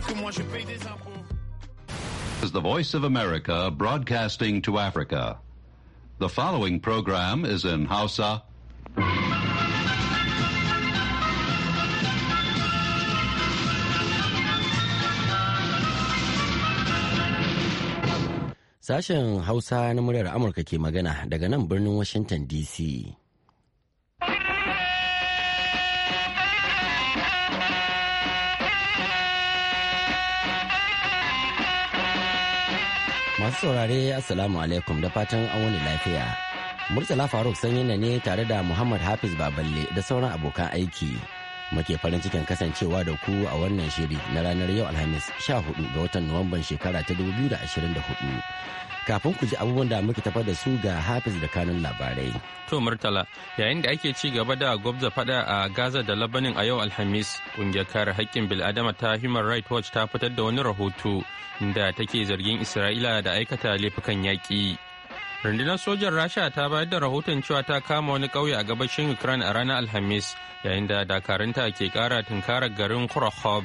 c'est que moi je paye des impôts. Is the Voice of America broadcasting to Africa? The following program is in Hausa. Sashen Hausa na muryar Amurka ke magana daga nan birnin Washington DC. Masu saurare Assalamu alaikum da fatan an wani lafiya. Murtala Faruk sanyi na ne tare da Muhammad Hafiz Baballe da sauran abokan aiki. Muke farin cikin kasancewa da ku a wannan shiri na ranar yau Alhamis 14 ga watan Nuwamban shekara ta 2024. kafin ku ji abubuwan da muke tafa da su ga hafiz da kanun labarai. To Murtala, yayin da ake ci gaba da gwabza fada a Gaza da Labanin a yau Alhamis, ƙungiyar kare haƙƙin bil'adama ta Human Rights Watch ta fitar da wani rahoto da take zargin Isra'ila da aikata laifukan yaƙi. Rundunar sojan Rasha ta bayar da rahoton cewa ta kama wani ƙauye a gabashin Ukraine a ranar Alhamis, yayin da dakarunta ke ƙara tunkarar garin Kurakhov.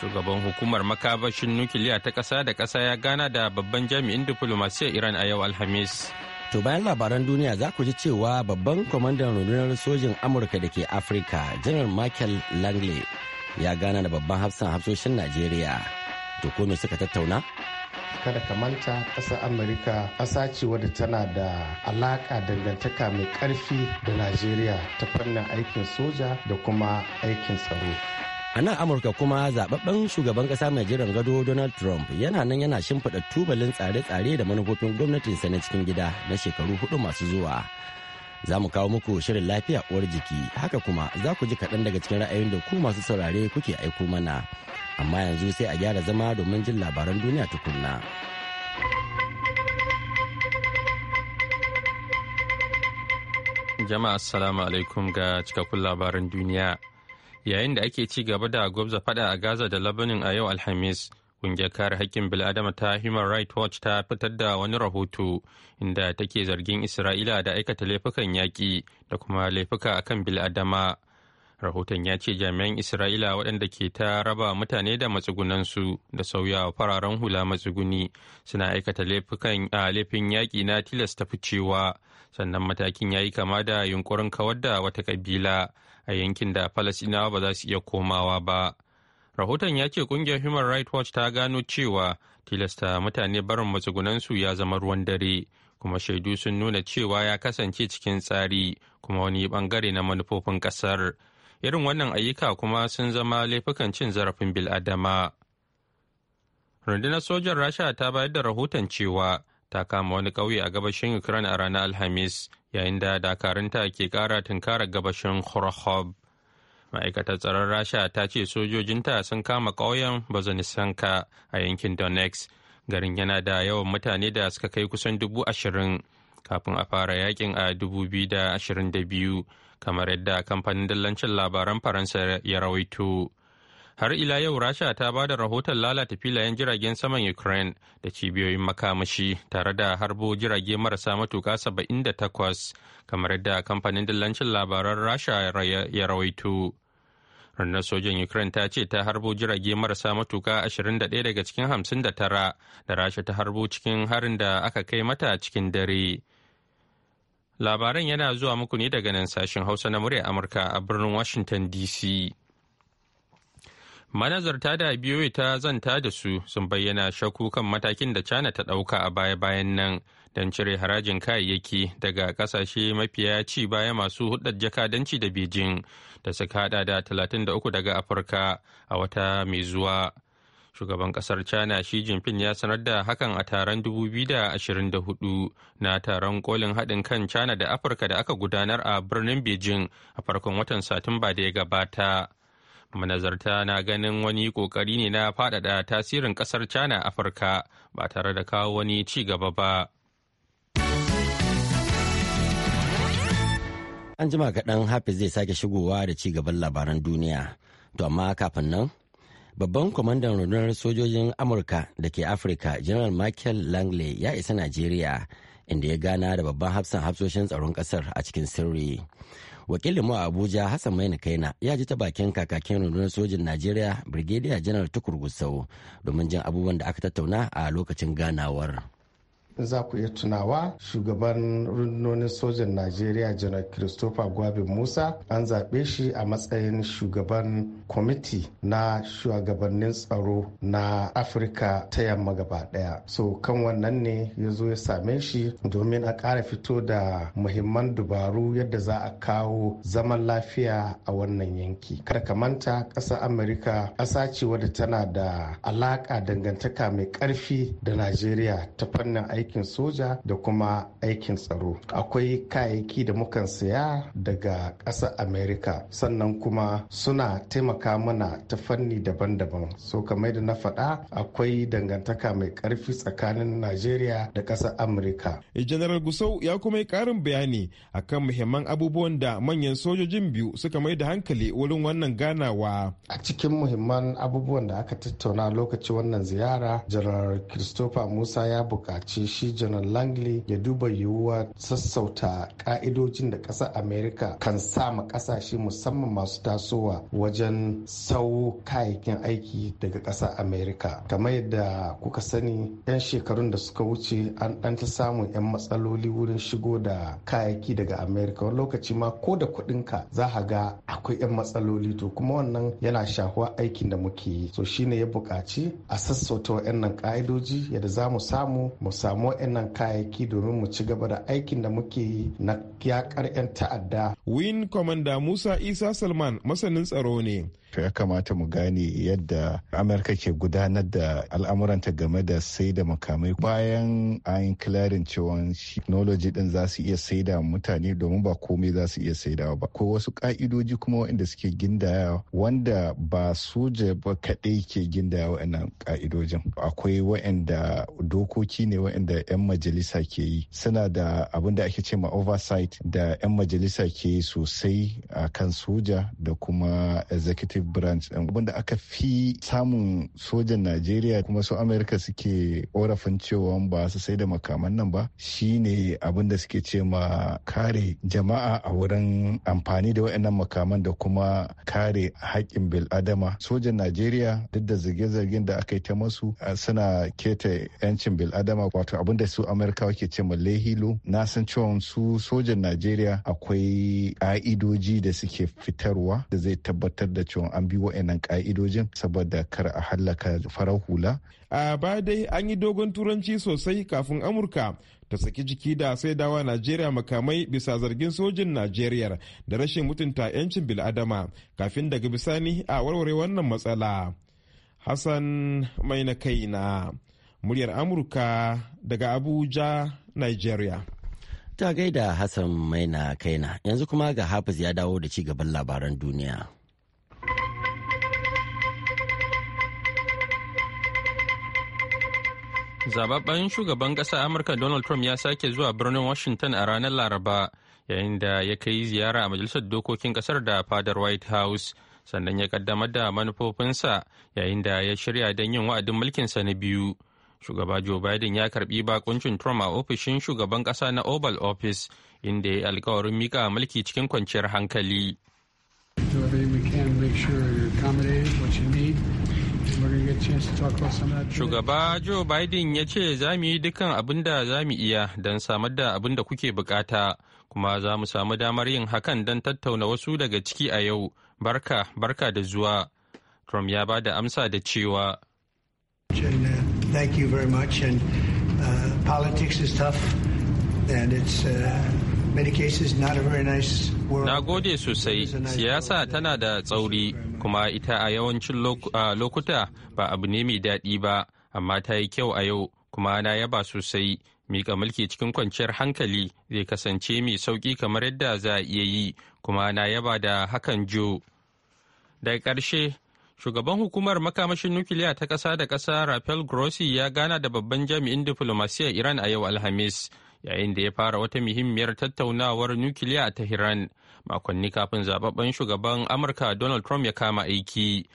shugaban hukumar makabashin nukiliya ta ƙasa da ƙasa ya gana da babban jami'in diflomasiyyar iran a yau alhamis to bayan labaran duniya za ku ji cewa babban kwamandan rundunar sojin amurka da ke afirka janar michael langley ya gana da babban hafsan hafsoshin najeriya to me suka tattauna kada ka manta ƙasar amurka ƙasa ce wadda tana da alaƙa dangantaka mai ƙarfi da najeriya ta fannin aikin soja da kuma aikin tsaro a nan amurka kuma zababben shugaban ƙasa mai jiran gado donald trump yana nan yana shimfiɗa tubalin tsare-tsare da manufofin gwamnatinsa na cikin gida na shekaru hudu masu zuwa za mu kawo muku shirin lafiya uwar jiki haka kuma za ku ji kaɗan daga cikin ra'ayoyin da ku masu saurare kuke aiko mana amma yanzu sai a gyara zama domin jin labaran duniya tukunna. jama'a assalamu alaikum ga cikakkun labaran duniya yayin da ake ci gaba da gwabza fada a gaza da labanin a yau alhamis ƙungiyar kare haƙƙin bil'adama ta human rights watch ta fitar da wani rahoto inda take zargin isra'ila da aikata laifukan yaƙi da kuma laifuka a kan bil'adama rahoton ya ce jami'an isra'ila waɗanda ke ta raba mutane da matsugunansu da sauya fararen hula matsuguni suna aikata laifukan a laifin yaƙi na tilasta ficewa sannan matakin ya yi kama da yunkurin kawar da wata ƙabila a yankin da falasinawa ba za su iya komawa ba rahoton ya ce kungiyar human rights watch ta gano cewa tilasta mutane barin matsugunan su ya zama ruwan dare kuma shaidu sun nuna cewa ya kasance cikin tsari kuma wani bangare na manufofin kasar irin wannan ayyuka kuma sun zama laifukan cin zarafin bil'adama rundunar sojan rasha ta bayar da rahoton cewa ta kama wani ƙauye a gabashin Ukraine a ranar Alhamis yayin da dakarunta ke kara tunkarar gabashin Khorhov. Ma'aikatar tsaron Rasha ta ce sojojinta sun kama ƙauyen Bazanisanka a yankin donex Garin yana da yawan mutane da suka kai kusan dubu ashirin kafin a fara yakin a dubu biyu da ashirin da biyu kamar yadda kamfanin dallancin labaran Faransa ya rawaito. har ila yau rasha ta ba da rahoton lalata filayen jiragen saman ukraine da cibiyoyin makamashi tare da harbo jirage marasa matuka 78 kamar yadda kamfanin dillancin labaran rasha ya rawaito rundunar sojan ukraine ta ce ta harbo jirage marasa matuka 21 daga cikin 59 da rasha ta harbo cikin harin da aka kai mata cikin dare labaran yana zuwa muku ne daga nan sashen hausa na murya amurka a birnin washington dc manazarta da biyoyi ta zanta da su sun bayyana shakku kan matakin da china ta ɗauka a baya-bayan nan don cire harajin kayayyaki daga ƙasashe mafiya ci baya masu hudar jakadanci da beijing da suka hada da 33 daga afirka a wata mai zuwa shugaban kasar china shi jinping ya sanar da hakan a taron 2024 na taron kolin haɗin kan china da afirka da aka gudanar a birnin beijing a farkon watan satumba da ya gabata manazarta na ganin wani kokari ne na faɗaɗa tasirin ƙasar china afirka ba tare da kawo wani ci gaba ba an jima kaɗan hafiz zai sake shigowa da ci gaban labaran duniya to amma kafin nan babban kwamandan rundunar sojojin amurka da ke afirka general michael langley ya isa najeriya inda ya gana da babban hafsan hafsoshin tsaron ƙasar a cikin sirri wakilin mu a abuja hassan maina kaina ya ji ta bakin kakakin rundunar sojin najeriya brigadier general tukur gusau domin jin abubuwan da aka tattauna a lokacin ganawar za ku iya tunawa shugaban rundunonin sojan najeriya janar christopher gwabin musa an zaɓe shi a matsayin shugaban kwamiti na shugabannin tsaro na afirka ta yamma gaba ɗaya so kan wannan ne ya zo ya same shi domin a ƙara fito da muhimman dubaru yadda za a kawo zaman lafiya a wannan yanki kada ka manta ƙasar amurka ƙasa ce wadda tana da alaƙa dangantaka mai ƙarfi da najeriya ta fannin aiki aikin soja da kuma aikin tsaro akwai kayayyaki da mukan saya daga ƙasar america sannan kuma suna taimaka mana ta fanni daban-daban so kamar da na faɗa akwai dangantaka mai ƙarfi tsakanin najeriya da ƙasar amurka eh, general gusau ya kuma yi ƙarin bayani akan muhimman abubuwan da manyan sojojin biyu suka mai da hankali wurin wannan ganawa a cikin muhimman abubuwan da aka tattauna lokacin wannan ziyara general christopher musa ya buƙaci shi janar langley ya duba yiwuwa sassauta ka'idojin da ƙasar america kan sama ƙasashe musamman masu tasowa wajen sau kayayyakin aiki daga ƙasar america kamar yadda kuka sani 'yan shekarun da suka wuce an ɗan ta samun 'yan matsaloli wurin shigo da kayayyaki daga america wani lokaci ma ko da kuɗinka za a ga akwai 'yan matsaloli to kuma wannan yana shahuwa aikin da muke yi so shine ya buƙaci a sassauta wa'annan ka'idoji yadda za mu samu mu samu samu wa'annan kayayyaki domin mu ci gaba da aikin da muke yi na yakar 'yan ta'adda win commander musa isa salman masanin tsaro ne ya kamata mu gane yadda amurka ke gudanar da al'amuranta game da sai da makamai bayan an kilarin cewa technology din za su iya saida mutane domin ba komai za su iya saidawa ba ko wasu ka'idoji kuma waɗanda suke gindaya wanda ba soja ba kaɗai ke gindaya waɗannan ka'idojin akwai waɗanda dokoki ne waɗanda 'yan majalisa ke yi suna da abin da ake ce ma oversight da 'yan majalisa ke yi sosai a kan soja da kuma executive branch wanda aka fi samun sojan najeriya kuma su amerika suke korafin cewa ba su sai da makaman nan ba shine abinda suke ce ma kare jama'a a wurin amfani da waɗannan makaman da kuma kare haƙƙin bil'adama sojan najeriya duk da zirge-zirgen da aka yi ta masu suna keta 'yancin bil'adama wato abinda su amerika ke ce ma lehilo na san cewa su sojan najeriya akwai ka'idoji da suke fitarwa da zai tabbatar da cewa an bi wa'annan ka'idojin saboda kar a hallaka farar hula. A baya dai an yi dogon turanci sosai kafin Amurka ta saki jiki da sai wa Najeriya makamai bisa zargin sojin Najeriya da rashin mutunta 'yancin bil'adama kafin daga bisani a warware wannan matsala. Hassan mai na kai na muryar Amurka daga Abuja, Nigeria. Ta gaida Hassan Maina Kaina yanzu kuma ga Hafiz ya dawo da ci gaban labaran duniya. Zababben shugaban ƙasa Amurka Donald Trump ya sake zuwa birnin Washington a ranar Laraba yayin da ya kai ziyara a Majalisar Dokokin ƙasar da fadar White House sannan ya ƙaddamar da manufofinsa yayin da ya shirya don yin wa'adin mulkinsa na biyu. Shugaba Joe Biden ya karbi bakuncin Trump a ofishin shugaban kasa na Oval Office inda ya yi alkawarin mika mulki cikin kwanciyar hankali. Shugaba Joe Biden ya ce za mu yi dukkan abin da za mu iya don samar da abin da kuke bukata, kuma za mu samu damar yin hakan don tattauna wasu daga ciki a yau. Barka, barka da zuwa. Trump ya ba da amsa da cewa. thank you very much. And uh, politics is tough, and it's uh, many cases not a very nice world. Na gode sosai, siyasa tana da tsauri kuma ita a yawancin uh, lokuta ba abu ne mai daɗi ba, amma ta yi kyau a yau kuma na yaba sosai. Mika mulki cikin kwanciyar hankali zai kasance mai sauƙi kamar yadda za a iya yi, kuma na yaba da hakan jo. Daga ƙarshe, Shugaban hukumar makamashin nukiliya ta ƙasa da ƙasa Rafael Grossi ya gana da babban jami'in diflomasiyyar Iran a yau Alhamis, yayin da ya fara wata muhimmiyar tattaunawar nukiliya a Tehran makonni kafin zababben shugaban Amurka Donald Trump ya kama aiki.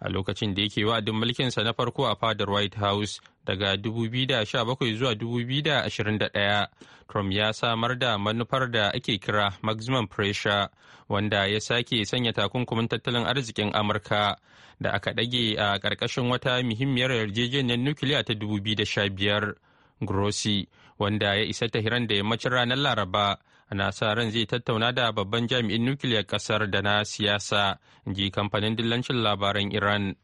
A lokacin da yake wa'adin mulkinsa na farko a fadar White House daga 2017 zuwa 2021, Trump ya samar da manufar da ake kira maximum pressure, wanda ya sake sanya takunkumin tattalin arzikin Amurka. da aka ɗage a ƙarƙashin wata muhimmiyar yarjejeniyar nukiliya ta 2015 grossi wanda ya isa hiran da yammacin ranar laraba ana sa ran zai tattauna da babban jami'in nukiliyar ƙasar da na siyasa ji kamfanin dillancin labaran iran.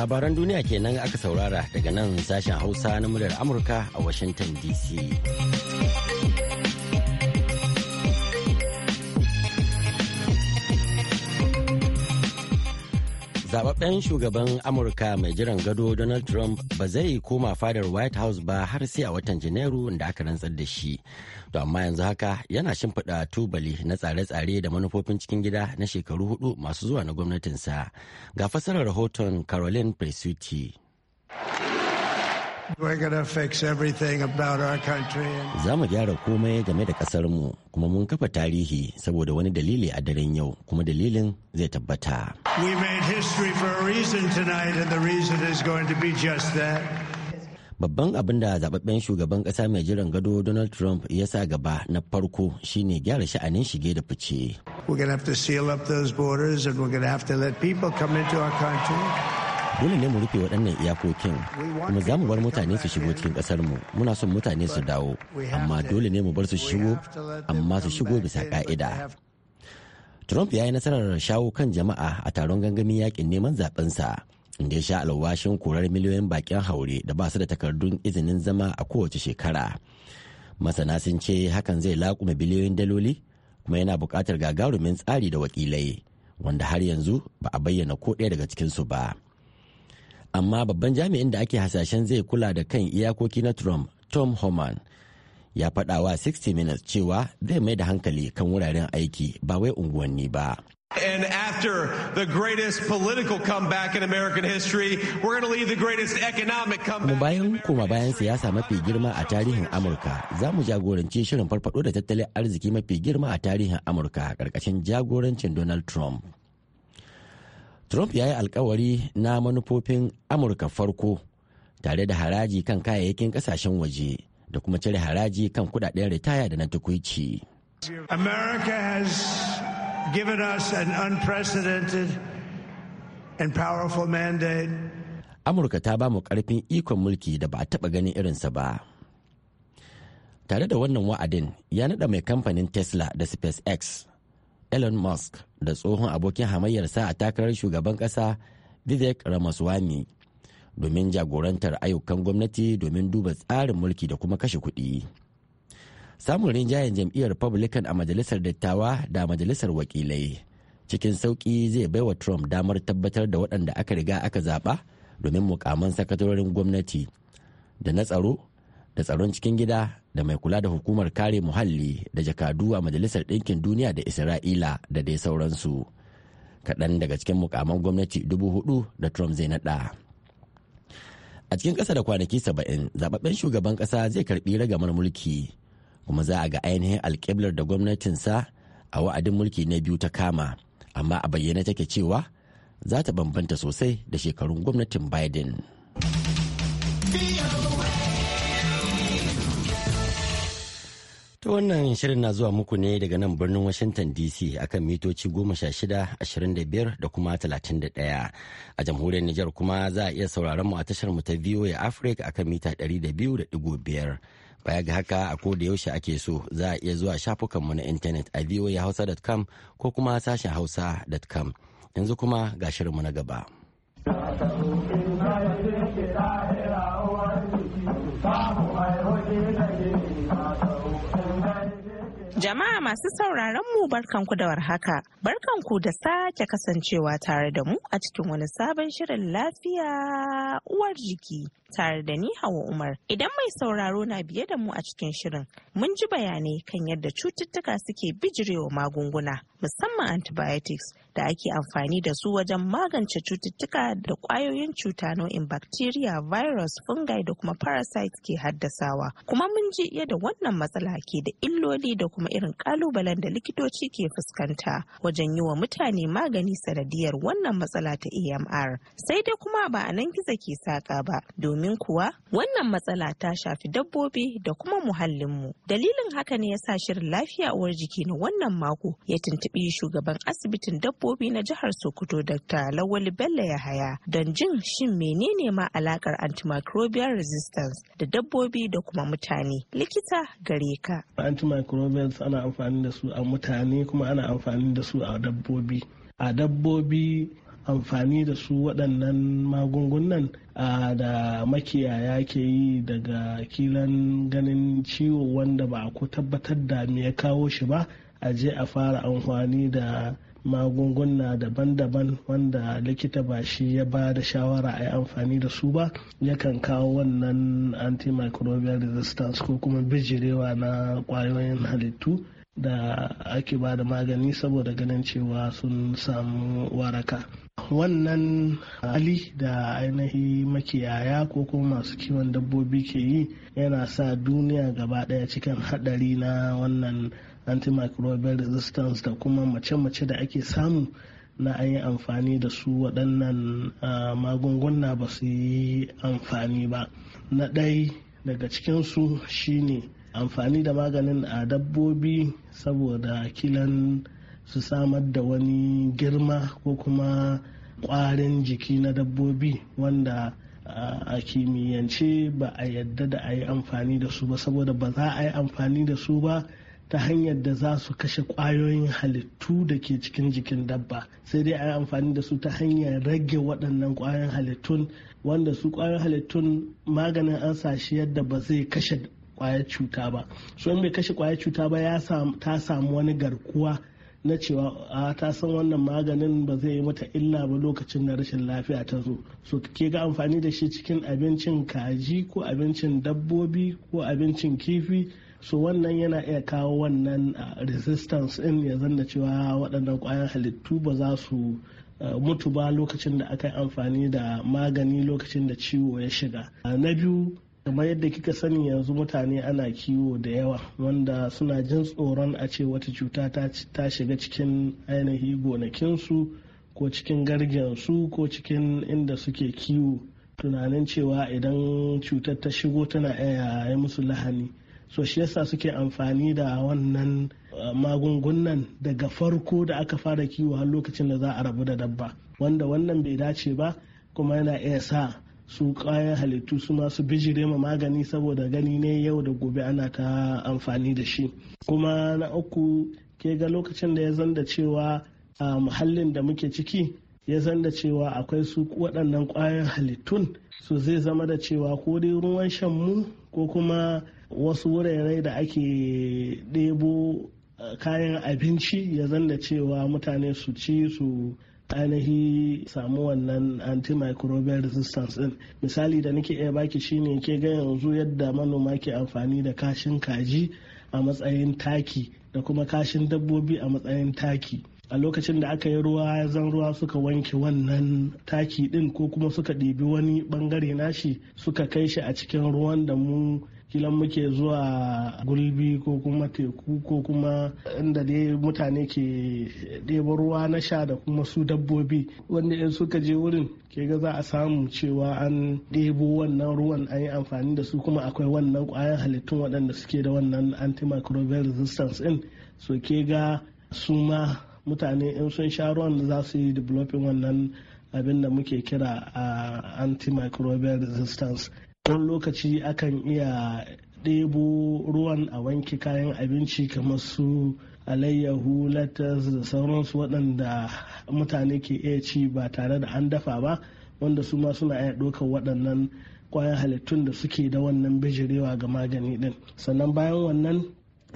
labaran duniya kenan aka saurara daga nan sashen hausa na muryar amurka a washington dc zababben shugaban amurka mai jiran gado donald trump ba zai koma fadar white house ba har sai a watan janairu da aka rantsar da shi to amma yanzu haka yana shimfiɗa tubali na tsare-tsare da manufofin cikin gida na shekaru hudu masu zuwa na gwamnatinsa ga fassarar rahoton caroline presutti Za mu gyara komai game da ƙasarmu kuma mun kafa tarihi saboda wani dalili a daren yau kuma dalilin zai tabbata. Babban abin da zababben shugaban ƙasa mai jiran gado Donald Trump ya sa gaba na farko shine gyara sha'anin shige da fice. We're going to have to seal up those borders and we're going to have to let people come into our country. dole ne mu rufe waɗannan iyakokin kuma za mu bar mutane su shigo cikin ƙasarmu muna son mutane su dawo amma dole ne mu bar su shigo amma su shigo bisa ƙa'ida trump ya yi nasarar shawo kan jama'a a taron gangamin yakin neman zaɓensa inda ya sha alwashin korar miliyoyin baƙin haure da ba su da takardun izinin zama a kowace shekara masana sun ce hakan zai laƙume biliyoyin daloli kuma yana buƙatar gagarumin tsari da wakilai wanda har yanzu ba a bayyana ko ɗaya daga cikinsu ba. amma babban jami'in da ake hasashen zai kula da kan iyakoki na trump tom homan ya faɗa wa 60 minutes cewa zai mai da hankali kan wuraren aiki ba wai unguwanni ba And after the greatest political comeback in American history, we're going to leave the greatest economic comeback. bayan kuma bayan siyasa mafi girma a tarihin Amurka, za mu jagoranci shirin farfado da tattalin arziki mafi girma a tarihin Amurka karkashin jagorancin Donald Trump. trump ya yi alkawari na manufofin amurka farko tare da haraji kan kayayyakin kasashen waje da kuma cire haraji kan kudaden ritaya da na tukuici america has given us an unprecedented and powerful mandate amurka ta ba mu karfin ikon mulki da ba a taba ganin irinsa ba tare da wannan wa'adin ya nada mai kamfanin tesla da spacex elon musk da tsohon abokin hamayyarsa a takarar shugaban ƙasa vivek ramaswamy domin jagorantar ayyukan gwamnati domin duba tsarin mulki da kuma kashe kuɗi samun rinjayen jam'iyyar republican a majalisar dattawa da majalisar wakilai cikin sauƙi zai baiwa trump damar tabbatar da waɗanda aka riga aka zaɓa domin mukaman sakatorin gwamnati da na tsaro da tsaron cikin gida da mai kula da hukumar kare muhalli da jakadu a majalisar ɗinkin duniya da isra'ila da dai sauransu kaɗan daga cikin mukaman gwamnati dubu hudu da trump zai naɗa a cikin ƙasa da kwanaki saba'in zababben shugaban ƙasa zai karɓi ragamar mulki kuma za a ga ainihin alƙiblar da gwamnatinsa a wa'adin mulki na biyu ta kama amma a bayyane take cewa za ta bambanta sosai da shekarun gwamnatin biden. Ta wannan shirin na zuwa muku ne daga nan birnin Washington DC akan mitoci 16, 25 da kuma 31. A jamhuriyar Nijar kuma za a iya sauraron mu a tashar mu ta VOA Africa akan mita 200.5. Baya ga haka a koda yaushe ake so za a iya zuwa shafukan mu na intanet a voahausa.com ko kuma sashen hausa.com. Yanzu kuma ga shirin mu na gaba. Jama'a masu sauraron mu barkanku da warhaka. Barkanku da sake kasancewa tare da mu a cikin wani sabon shirin lafiya uwar jiki tare da ni Hawa Umar. Idan mai sauraro na biye da mu a cikin shirin, mun ji bayanai kan yadda cututtuka suke bijirewa magunguna, musamman antibiotics da ake amfani da su wajen magance cututtuka da ƙwayoyin cuta nau'in bacteria, virus, fungi da kuma parasites ke haddasawa. Kuma mun ji yadda wannan matsala ke da illoli da kuma irin kalubalen da likitoci ke fuskanta wajen yi wa mutane magani sanadiyar wannan matsala ta amr sai dai kuma ba a nan gizo ke saka ba domin kuwa wannan matsala ta shafi dabbobi da kuma muhallinmu dalilin haka ne ya sa shirin lafiya uwar jiki na wannan mako ya tuntuɓi shugaban asibitin dabbobi na jihar sokoto dr lawali bello yahaya don jin shin menene ma alakar antimicrobial resistance da dabbobi da kuma mutane likita gare ka Antimicrobial ana amfani da su a mutane kuma ana amfani da su a dabbobi a dabbobi amfani da su waɗannan magungunan a da makiyaya ke yi daga kilan ganin ciwo wanda ba a ku tabbatar da me ya kawo shi ba a je a fara amfani da magunguna daban-daban wanda likita ba shi ya ba da shawara a yi amfani da su ba yakan kawo wannan antimicrobial resistance ko kuma bijirewa na kwayoyin halittu da ake ba da magani saboda ganin cewa sun samu waraka wannan hali da ainihi makiyaya ko kuma masu kiwon dabbobi ke yi yana sa duniya gaba daya cikin hadari na wannan antimicrobial resistance da kuma mace-mace da ake samu na an yi amfani da su waɗannan ah, magunguna ba su yi amfani ba na ɗai daga cikinsu shine amfani da maganin a dabbobi saboda kilan su samar da wani girma ko kuma ƙwarin jiki na dabbobi wanda ah, a kimiyyance ba a yadda da a yi amfani da su ba saboda ba za a yi amfani da su ba ta hanyar da za su kashe kwayoyin halittu da ke cikin jikin dabba sai dai a yi amfani da su ta hanyar rage waɗannan kwayoyin halittun wanda su kwayoyin halittun maganin an sashi yadda ba zai kashe kwayar cuta ba Su in bai kashe kwayar cuta ba ya ta samu wani garkuwa na cewa a ta san wannan maganin ba zai yi mata illa ba lokacin da rashin lafiya ta zo so ke ga amfani da shi cikin abincin kaji ko abincin dabbobi ko abincin kifi so wannan yana iya kawo wannan uh, resistance in ya zanna cewa waɗannan ƙwayan halittu ba za su uh, mutu ba lokacin da aka yi amfani da magani lokacin da ciwo ya shiga uh, na biyu kamar yadda kika sani yanzu mutane ana kiwo da yawa wanda suna jin tsoron a ce wata cuta ta shiga cikin ainihi gonakinsu ko cikin su ko cikin inda suke kiwo tunanin cewa idan cutar ta shigo tana iya musu lahani so shi yasa suke amfani da wannan uh, magungunan daga farko da aka fara kiwo har lokacin da za a rabu da dabba wanda wannan bai dace ba kuma yana iya sa su kayan halittu su masu bijire ma magani saboda gani ne yau da gobe ana ta amfani da shi kuma na uku ke ga lokacin da ya zanda cewa a muhallin da muke ciki ya zanda cewa akwai su waɗannan kwayan halittun su zai zama da cewa ko dai ruwan shan mu ko kuma wasu wurare da ake ɗebo eh, kayan abinci ya zanda cewa mutane su ci su ainihi samu wannan antimicrobial resistance din misali da nake iya baki shine ke ga yanzu yadda manoma ke amfani da kashin kaji a matsayin taki da kuma kashin dabbobi a matsayin taki a lokacin da aka yi ruwa zan ruwa suka wanke wannan taki din ko kuma suka ɗibi wani bangare nashi suka kai shi a cikin ruwan da mu kilan muke zuwa gulbi ko kuma teku ko kuma inda dai mutane ke ɗebar ruwa na sha da kuma su dabbobi wanda in suka je wurin ke ga za a samu cewa an ɗebo wannan ruwan an yi amfani da su kuma akwai wannan ƙwayan halittun waɗanda suke da wannan antimicrobial resistance in so ke ga su ma mutane in sun sha ruwan za su yi developing wannan abin da muke kira a ah, antimicrobial resistance wani lokaci akan iya ɗebo ruwan a wanke kayan abinci kamar su alayyahu latas da sauransu waɗanda mutane ke iya ci ba tare da an dafa ba wanda su ma suna iya ɗaukar waɗannan kwayan halittun da suke da wannan bijirewa ga magani ɗin sannan bayan wannan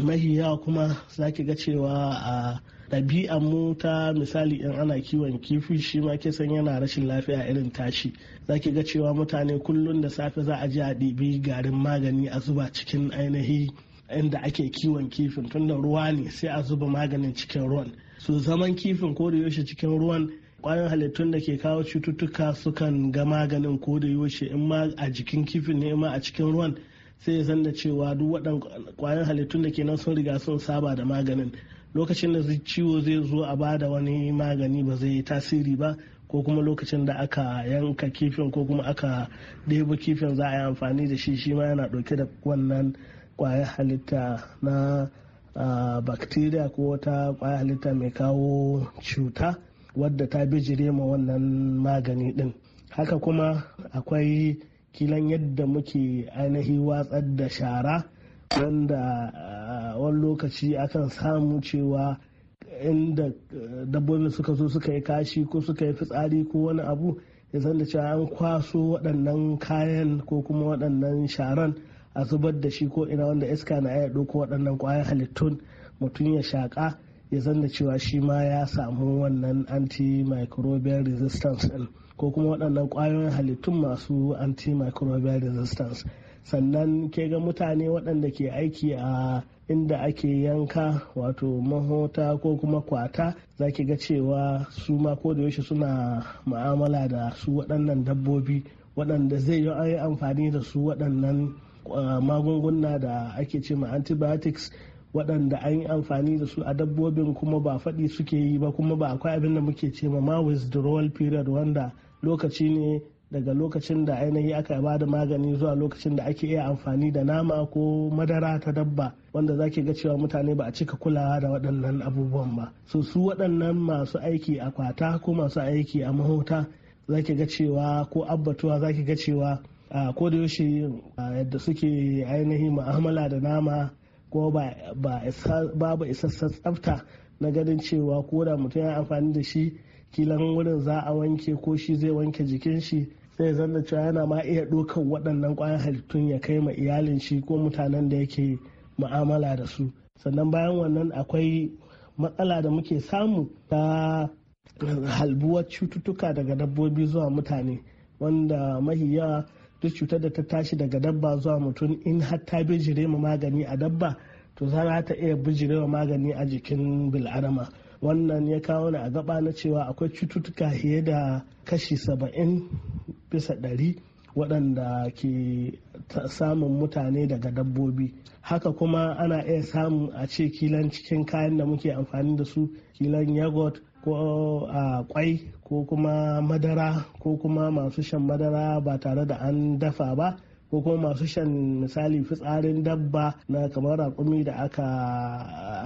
mahiya kuma za ki ga cewa a ɗabi'a mu ta misali in ana kiwon kifi shi ma kisan yana rashin lafiya irin tashi za ki ga cewa mutane kullum da safe za a je a ɗibi garin magani a zuba cikin ainihi inda ake kiwon kifin tunda ruwa ne sai a zuba maganin cikin ruwan su zaman kifin ko da yaushe cikin ruwan kwayoyin halittun da ke kawo cututtuka sukan ga maganin ko da yaushe in ma a jikin kifin ne ma a cikin ruwan sai ya san da cewa duk waɗannan kwayoyin halittun da ke nan sun riga sun saba da maganin lokacin da ciwo zai zo a bada wani magani ba zai yi tasiri ba ko kuma lokacin da aka yanka kifin ko kuma aka ɗebo kifin za a yi amfani da shi shi ma yana ɗauke da wannan kwayar halitta na bacteria ko wata kwayar halitta mai kawo cuta wadda ta bijire ma wannan magani ɗin haka kuma akwai kilan yadda muke ainihi watsar da shara wanda wani lokaci akan samu cewa inda eh, dabbobin suka zo suka yi kashi ko suka yi fitsari ko wani abu ya san da cewa an kwaso waɗannan kayan ko kuma waɗannan sharan a zubar da shi ko ina wanda iska na iya ɗauko waɗannan ƙwayar halittun mutum ya shaƙa ya san da cewa shi ma ya samu wannan antimicrobial resistance ko kuma waɗannan ƙwayoyin halittun masu antimicrobial resistance sannan ke ga mutane waɗanda ke aiki a inda ake yanka wato mahota ko kuma kwata za ki ga cewa su ma ko da yaushe suna ma'amala da su waɗannan dabbobi waɗanda zai yi amfani da su waɗannan magunguna da ake ce ma antibiotics waɗanda an yi amfani da su a dabbobin kuma ba faɗi suke yi ba kuma ba akwai abin da muke ce ma withdrawal period wanda lokaci ne daga lokacin da ainihi aka ba da magani zuwa lokacin da ake iya amfani da nama ko madara ta dabba wanda zaki ga cewa mutane ba a cika kulawa da waɗannan abubuwan ba so su waɗannan masu aiki a kwata ko masu aiki a mahota zaki ga cewa ko abbatuwa zaki ga cewa a yaushe yadda suke ainihi mu'amala da nama ko babu isassar tsafta na ganin cewa ko da mutum ya amfani da shi kilan wurin za a wanke ko shi zai wanke jikin shi sai zan cewa yana ma iya dokan waɗannan ƙwayan halittun ya kai ma iyalin shi ko mutanen da yake mu'amala da su sannan bayan wannan akwai matsala da muke samu ta halbuwar cututtuka daga dabbobi zuwa mutane wanda mahi yawa duk cutar da ta tashi daga dabba zuwa mutum in har ta bijire ma magani a dabba to za ta iya bijire ma magani a jikin bil'adama wannan ya kawo ni a gaba na cewa akwai cututtuka fiye da kashi saba'in bisa ɗari waɗanda ke samun mutane daga dabbobi haka kuma ana iya samu a ce kilan cikin kayan da muke amfani da su kilan yogurt ko a kwai ko kuma madara ko kuma masu shan madara ba tare da an dafa ba ko kuma masu shan misali fitsarin dabba na kamar raƙumi da aka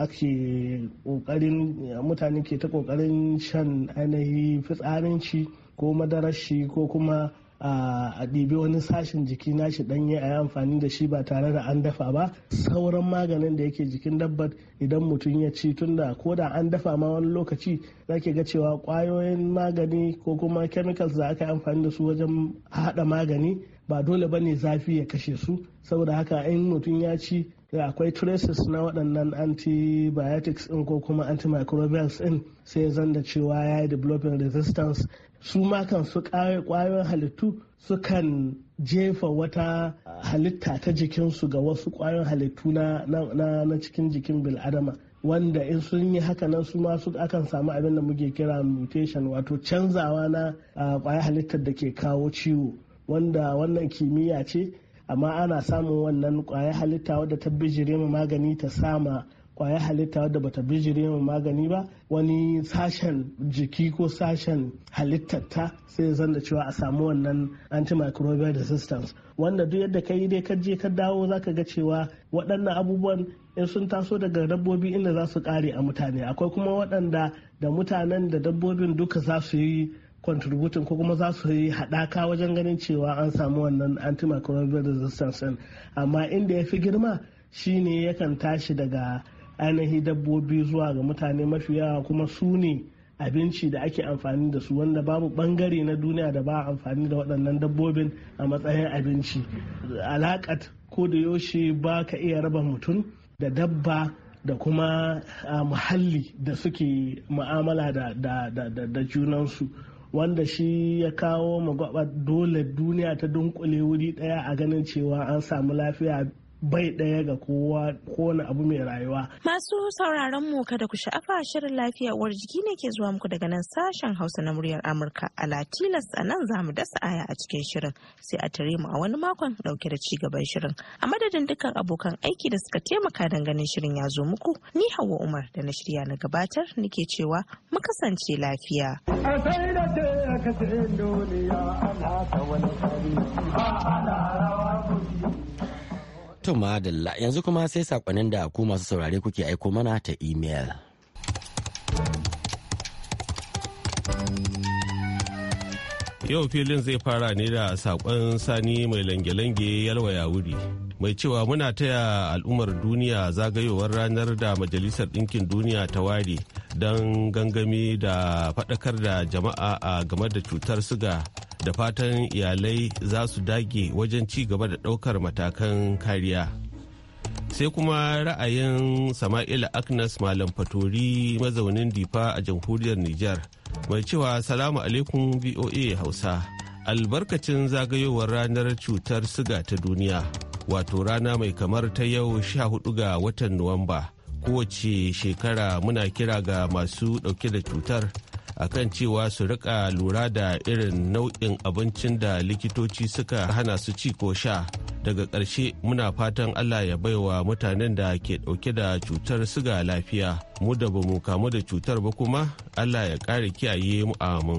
ake ƙoƙarin mutane ke ta ƙoƙarin shan ainihi fitsarin shi ko madarar shi ko kuma a ɗibi wani sashen jiki nashi ɗanye a yi amfani da shi ba tare da an dafa ba sauran maganin da yake jikin dabbar idan mutum ya ci tunda ko da an dafa ma wani lokaci za zake ga cewa ƙwayoyin magani ko kuma chemicals da aka yi amfani da su wajen haɗa magani ba dole ba ne zafi ya kashe su saboda haka in mutum ya ci akwai traces na waɗannan antibiotics ko kuma antimicrobials ɗin sai zan da cewa ya yi developing resistance su ma kan su kwayoyin halittu sukan jefa wata halitta ta jikinsu ga wasu kwayoyin halittu na cikin jikin bil'adama wanda in sun yi haka nan su ma su akan samu abin da muke kira mutation wato canzawa na kwayar halittar da ke kawo ciwo wanda wannan kimiyya ce amma ana samun wannan kwayar halitta wadda ta bijire ma magani ta sama kwaya halitta wadda bata bijire ma magani ba wani sashen jiki ko sashen halittarta sai zan da cewa a samu wannan antimicrobial resistance wanda duk yadda ka yi dai ka je ka dawo zaka ga cewa waɗannan abubuwan in sun taso daga dabbobi inda za su ƙare a mutane akwai kuma waɗanda da mutanen da dabbobin duka za su yi contributing ko kuma za su yi haɗaka wajen ganin cewa an samu wannan antimicrobial resistance amma inda ya fi girma shine yakan tashi daga ainihi dabbobi zuwa ga mutane mafi yawa kuma su ne abinci da ake amfani da su wanda babu bangare na duniya da ba amfani da waɗannan dabbobin a matsayin abinci alaƙat ko da yaushe ba ka iya raba mutum da dabba da kuma muhalli da suke mu'amala da junansu wanda shi ya kawo magwaba dole duniya ta dunkule wuri daya a ganin cewa an samu lafiya bai ɗaya ga kowa kowane abu mai rayuwa. Masu sauraron mu kada ku sha'afa shirin lafiya uwar jiki ne ke zuwa muku daga nan sashen Hausa na muryar Amurka a Latilas a nan zamu dasa aya a cikin shirin sai a tare mu a wani makon dauke da ci gaban shirin. A madadin dukkan abokan aiki da suka taimaka don ganin shirin ya zo muku ni Hauwa Umar da na shirya na gabatar nake cewa mu kasance lafiya. A sai da ta wani To madalla yanzu kuma sai sakonin da ku masu saurare kuke aiko mana ta email. Yau filin zai fara ne da sakon sani mai lange-lange yalwaya wuri. Mai cewa muna taya al'ummar duniya zagayowar ranar da Majalisar Ɗinkin Duniya ta ware don gangami da faɗakar da jama'a a game da cutar suga. da fatan iyalai za su dage wajen ci gaba da ɗaukar matakan kariya sai kuma ra'ayin sama'ila agnes malam fatori mazaunin difa a jamhuriyar niger mai cewa salamu alaikum voa hausa albarkacin zagayowar ranar cutar siga ta duniya wato rana mai kamar ta yau 14 ga watan nuwamba kowace shekara muna kira ga masu dauke da cutar akan cewa su rika lura da irin nau'in abincin da likitoci suka hana su ci ko sha daga ƙarshe muna fatan allah ya baiwa mutanen da ke ɗauke da cutar siga lafiya mu da bamu kamu da cutar ba kuma allah ya ƙare kiyaye mu amin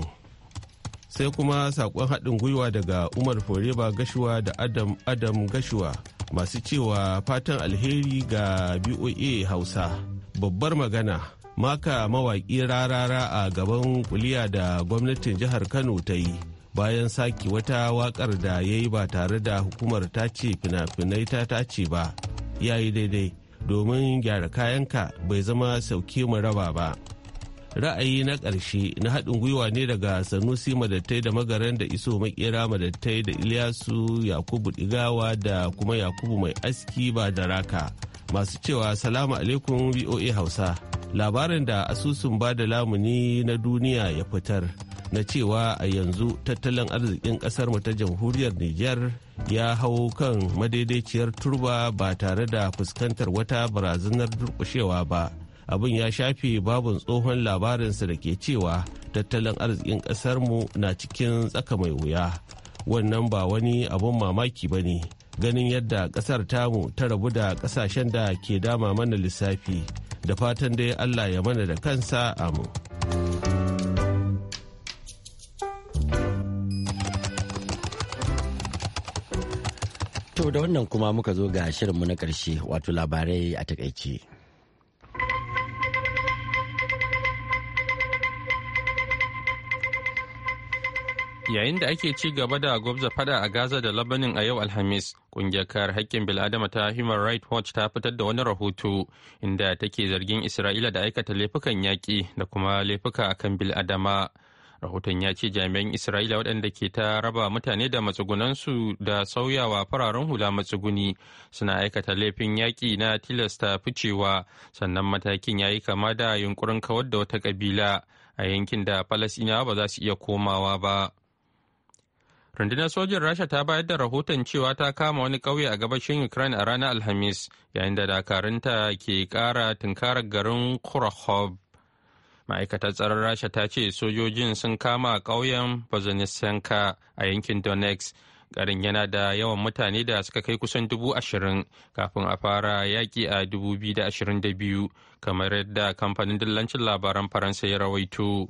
sai kuma saƙon haɗin gwiwa daga umar foreba gashuwa da adam adam gashuwa masu cewa fatan alheri ga boa hausa babbar magana maka mawaƙi rarara a gaban kuliya da gwamnatin jihar kano ta yi bayan sake wata wakar da ya yi ba tare da hukumar ta ce fina-finai ta tace ba ya yi daidai domin gyara kayanka bai zama sauke mu raba ba ra'ayi na ƙarshe na haɗin gwiwa ne daga sanusi madattai da magaran da iso makera madattai da iliyasu yakubu digawa da kuma yakubu mai aski ba da raka masu cewa salamu alaikum voa hausa labarin da asusun ba da lamuni na duniya ya fitar na cewa a yanzu tattalin arzikin kasar mu ta jamhuriyar niger ya hau kan madaidaiciyar turba ba tare da fuskantar wata barazanar durkushewa ba abin ya shafe babin tsohon labarinsa da ke cewa tattalin arzikin kasar mu na cikin tsaka mai wuya wannan ba wani abun mamaki ba ne ganin yadda ƙasar tamu ta rabu da ƙasashen da ke dama mana lissafi da fatan dai allah ya mana da kansa amu to da wannan kuma muka zo ga shirinmu na ƙarshe wato labarai a takaice. yayin da ake ci gaba da gwabza fada a gaza da labanin a yau alhamis kungiyar kayar haƙƙin bil'adama ta human rights watch ta fitar da wani rahoto inda take zargin isra'ila da aikata laifukan yaƙi da kuma laifuka a akan bil'adama rahoton ya ce jami'an isra'ila waɗanda ke ta raba mutane da matsugunansu da sauyawa fararen hula matsuguni suna aikata laifin yaƙi na tilasta ficewa sannan matakin ya yi kama da yunkurin kawar da wata ƙabila a yankin da falasinawa ba za su iya komawa ba rundunar sojin rasha ta bayar da rahoton cewa ta kama wani ƙauye a gabashin ukraine a ranar alhamis yayin da dakarunta ke ƙara tunkarar garin kurakhov ma'aikatar tsaron rasha ta ce sojojin sun kama ƙauyen bazanisenka a yankin donetsk garin yana da yawan mutane da suka kai kusan dubu ashirin kafin a fara yaƙi a dubu biyu da ashirin da biyu kamar yadda kamfanin dillancin labaran faransa ya rawaito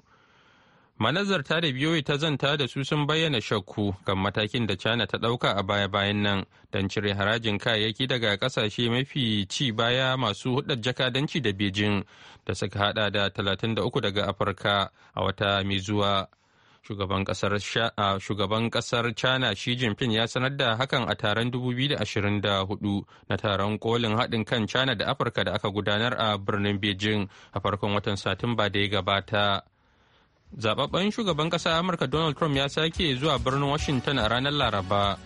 manazarta da biyoyi ta zanta da su sun bayyana shakku kan matakin da china ta dauka a baya-bayan nan don cire harajin kayayyaki daga kasashe mafi ci baya masu hudar jakadanci da beijing da suka hada da 33 daga afirka a wata mai zuwa shugaban kasar china shi jinping ya sanar da hakan a taron 2024 na taron kolin haɗin kan china da afirka da aka gudanar a birnin beijing a farkon watan satumba da ya gabata zababben shugaban kasa amurka donald trump ya sake zuwa birnin washington a ranar laraba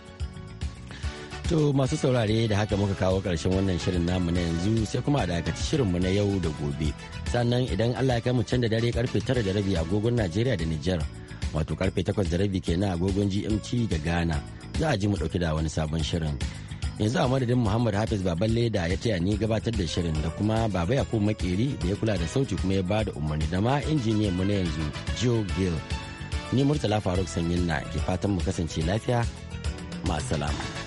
to masu saurare da haka muka kawo karshen wannan shirin namu na yanzu sai kuma a dakaci shirinmu na yau da gobe sannan idan allah ya kai mu can da dare karfe tara da rabi agogon najeriya da nijar wato karfe takwas da rabi kenan agogon gmt da ghana za a ji mu ɗauki da wani sabon shirin yanzu a madadin muhammad hafiz baban leda ya taya ni gabatar da shirin da kuma baba yakub makeri da ya kula da sauti kuma ya ba da umarni da ma injiniyan mu na yanzu joe gill ni murtala faruk sanyin na ke fatan mu kasance lafiya masu salama